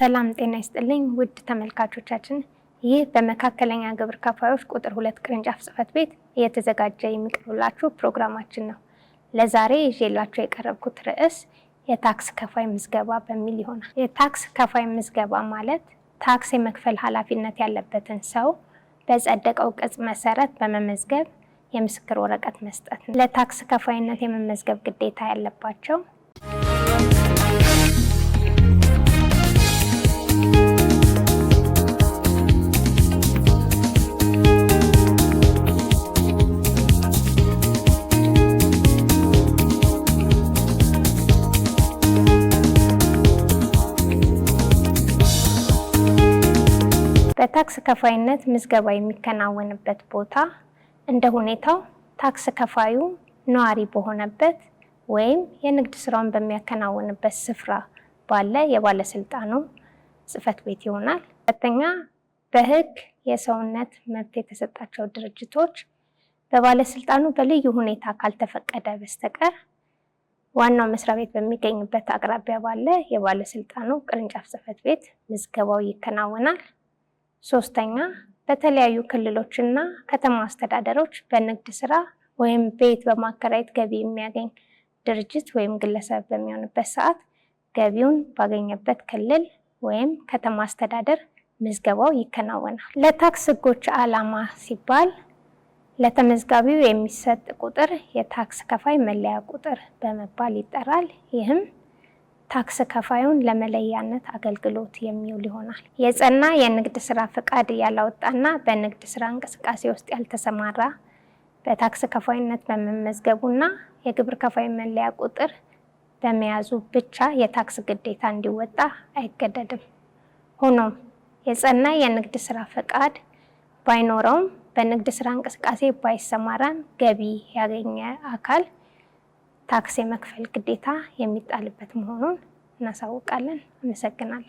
ሰላም ጤና ይስጥልኝ ውድ ተመልካቾቻችን፣ ይህ በመካከለኛ ግብር ከፋዮች ቁጥር ሁለት ቅርንጫፍ ጽህፈት ቤት እየተዘጋጀ የሚቀርብላችሁ ፕሮግራማችን ነው። ለዛሬ ይዤላችሁ የቀረብኩት ርዕስ የታክስ ከፋይ ምዝገባ በሚል ይሆናል። የታክስ ከፋይ ምዝገባ ማለት ታክስ የመክፈል ኃላፊነት ያለበትን ሰው በጸደቀው ቅጽ መሰረት በመመዝገብ የምስክር ወረቀት መስጠት ነው። ለታክስ ከፋይነት የመመዝገብ ግዴታ ያለባቸው በታክስ ከፋይነት ምዝገባ የሚከናወንበት ቦታ እንደ ሁኔታው ታክስ ከፋዩ ነዋሪ በሆነበት ወይም የንግድ ስራውን በሚያከናውንበት ስፍራ ባለ የባለስልጣኑ ጽህፈት ቤት ይሆናል። ሁለተኛ በህግ የሰውነት መብት የተሰጣቸው ድርጅቶች በባለስልጣኑ በልዩ ሁኔታ ካልተፈቀደ በስተቀር ዋናው መስሪያ ቤት በሚገኝበት አቅራቢያ ባለ የባለስልጣኑ ቅርንጫፍ ጽፈት ቤት ምዝገባው ይከናወናል። ሶስተኛ በተለያዩ ክልሎችና ከተማ አስተዳደሮች በንግድ ስራ ወይም ቤት በማከራየት ገቢ የሚያገኝ ድርጅት ወይም ግለሰብ በሚሆንበት ሰዓት ገቢውን ባገኘበት ክልል ወይም ከተማ አስተዳደር ምዝገባው ይከናወናል። ለታክስ ህጎች ዓላማ ሲባል ለተመዝጋቢው የሚሰጥ ቁጥር የታክስ ከፋይ መለያ ቁጥር በመባል ይጠራል። ይህም ታክስ ከፋዩን ለመለያነት አገልግሎት የሚውል ይሆናል። የጸና የንግድ ስራ ፈቃድ ያላወጣና በንግድ ስራ እንቅስቃሴ ውስጥ ያልተሰማራ በታክስ ከፋይነት በመመዝገቡና የግብር ከፋይ መለያ ቁጥር በመያዙ ብቻ የታክስ ግዴታ እንዲወጣ አይገደድም። ሆኖም የጸና የንግድ ስራ ፈቃድ ባይኖረውም በንግድ ስራ እንቅስቃሴ ባይሰማራም ገቢ ያገኘ አካል ታክስ የመክፈል ግዴታ የሚጣልበት መሆኑን እናሳውቃለን። አመሰግናለሁ።